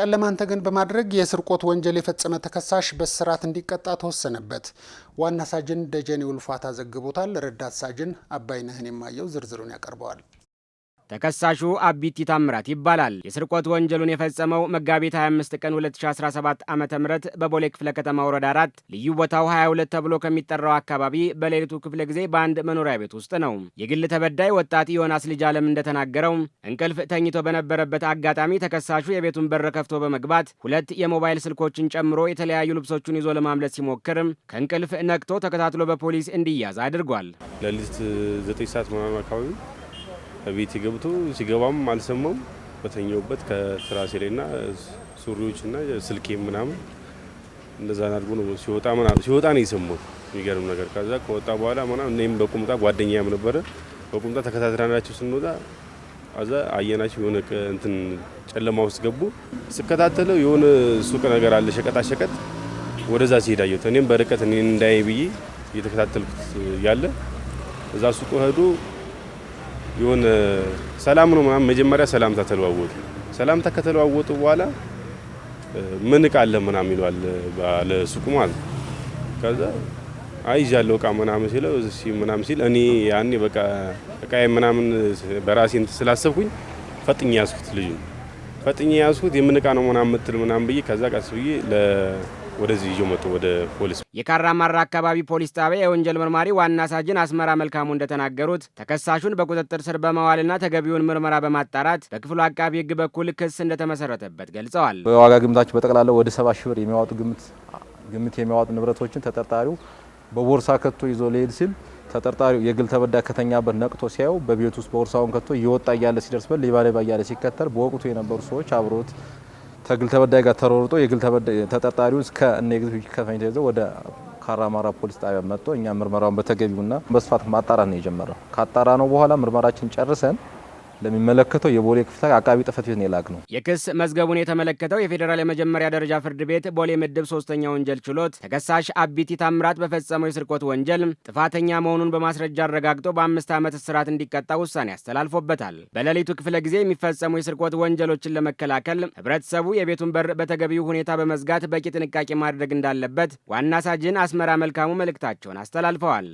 ጨለማን ተገን በማድረግ የስርቆት ወንጀል የፈጸመ ተከሳሽ በእስራት እንዲቀጣ ተወሰነበት። ዋና ሳጅን ደጀኔ ውልፋታ ዘግቦታል። ረዳት ሳጅን አባይነህን የማየው ዝርዝሩን ያቀርበዋል። ተከሳሹ አቢቲ ታምራት ይባላል። የስርቆት ወንጀሉን የፈጸመው መጋቢት 25 ቀን 2017 ዓ ም በቦሌ ክፍለ ከተማ ወረዳ 4 ልዩ ቦታው 22 ተብሎ ከሚጠራው አካባቢ በሌሊቱ ክፍለ ጊዜ በአንድ መኖሪያ ቤት ውስጥ ነው። የግል ተበዳይ ወጣት ዮናስ ልጅ አለም እንደተናገረው እንቅልፍ ተኝቶ በነበረበት አጋጣሚ ተከሳሹ የቤቱን በር ከፍቶ በመግባት ሁለት የሞባይል ስልኮችን ጨምሮ የተለያዩ ልብሶቹን ይዞ ለማምለጥ ሲሞክር ከእንቅልፍ ነቅቶ ተከታትሎ በፖሊስ እንዲያዝ አድርጓል። ሌሊት 9 ሰዓት ምናምን አካባቢ ቤት ገብቶ ሲገባም አልሰማም። በተኛውበት ከስራ ከትራሴ ሱሪዎች ሱሪዎችና ስልኬ ምናምን እንደዛን አድርጎ ነው ሲወጣ ሲወጣ ነው የሰማሁት። የሚገርም ነገር ከዛ ከወጣ በኋላ ምናምን እኔም በቁምጣ ጓደኛም ነበረ በቁምጣ ተከታትላናቸው ስንወጣ አዛ አየናቸው። የሆነ እንትን ጨለማ ውስጥ ገቡ። ስከታተለው የሆነ ሱቅ ነገር አለ ሸቀጣ ሸቀጥ ወደዛ ሲሄድ አየሁት። እኔም በርቀት እኔ እንዳይ ብዬ እየተከታተልኩት ያለ እዛ ሱቁ ሄዶ የሆነ ሰላም ነው ምናምን መጀመሪያ ሰላምታ ተለዋወጡ። ሰላምታ ከተለዋወጡ በኋላ ምን እቃ አለ ምናምን ይለዋል ባለ ሱቁ ማለት ነው። ከዛ አይ ይዣለሁ እቃ ምናምን ሲለው እሺ ምናምን ሲል እኔ ያኔ በቃ እቃዬ ምናምን በራሴ እንትን ስላሰብኩኝ ያስኩት ያዝኩት ልጁ ያስኩት ያዝኩት የምን እቃ ነው ምናምን የምትል ምናምን ብዬ ከዛ ቀስ ብዬ ወደዚህ ይዞ መጡ ወደ ፖሊስ። የካራማራ አካባቢ ፖሊስ ጣቢያ የወንጀል መርማሪ ዋና ሳጅን አስመራ መልካሙ እንደተናገሩት ተከሳሹን በቁጥጥር ስር በመዋልና ተገቢውን ምርመራ በማጣራት በክፍሉ አቃቢ ሕግ በኩል ክስ እንደተመሰረተበት ገልጸዋል። በዋጋ ግምታቸው በጠቅላላው ወደ ሰባ ሺህ ብር የሚያወጡ ግምት የሚያወጡ ንብረቶችን ተጠርጣሪው በቦርሳ ከቶ ይዞ ሊሄድ ሲል ተጠርጣሪው የግል ተበዳይ ከተኛበት ነቅቶ ሲያየው በቤት ውስጥ ቦርሳውን ከቶ እየወጣ እያለ ሲደርስበት ሌባ ሌባ እያለ ሲከተል በወቅቱ የነበሩ ሰዎች አብሮት ከግል ተበዳይ ጋር ተሯሩጦ የግል ተበዳይ ተጠርጣሪው እስከ እነ የግል ከፋኝ ተይዞ ወደ ካራማራ ፖሊስ ጣቢያ መጥቶ እኛ ምርመራውን በተገቢውና በስፋት ማጣራት ነው የጀመረው። ካጣራ ነው በኋላ ምርመራችን ጨርሰን ለሚመለከተው የቦሌ ክፍል አቃቢ ጽሕፈት ቤት የላክ ነው። የክስ መዝገቡን የተመለከተው የፌዴራል የመጀመሪያ ደረጃ ፍርድ ቤት ቦሌ ምድብ ሶስተኛ ወንጀል ችሎት ተከሳሽ አቢቲ ታምራት በፈጸመው የስርቆት ወንጀል ጥፋተኛ መሆኑን በማስረጃ አረጋግጦ በአምስት ዓመት እስራት እንዲቀጣ ውሳኔ አስተላልፎበታል። በሌሊቱ ክፍለ ጊዜ የሚፈጸሙ የስርቆት ወንጀሎችን ለመከላከል ህብረተሰቡ የቤቱን በር በተገቢው ሁኔታ በመዝጋት በቂ ጥንቃቄ ማድረግ እንዳለበት ዋና ሳጅን አስመራ መልካሙ መልእክታቸውን አስተላልፈዋል።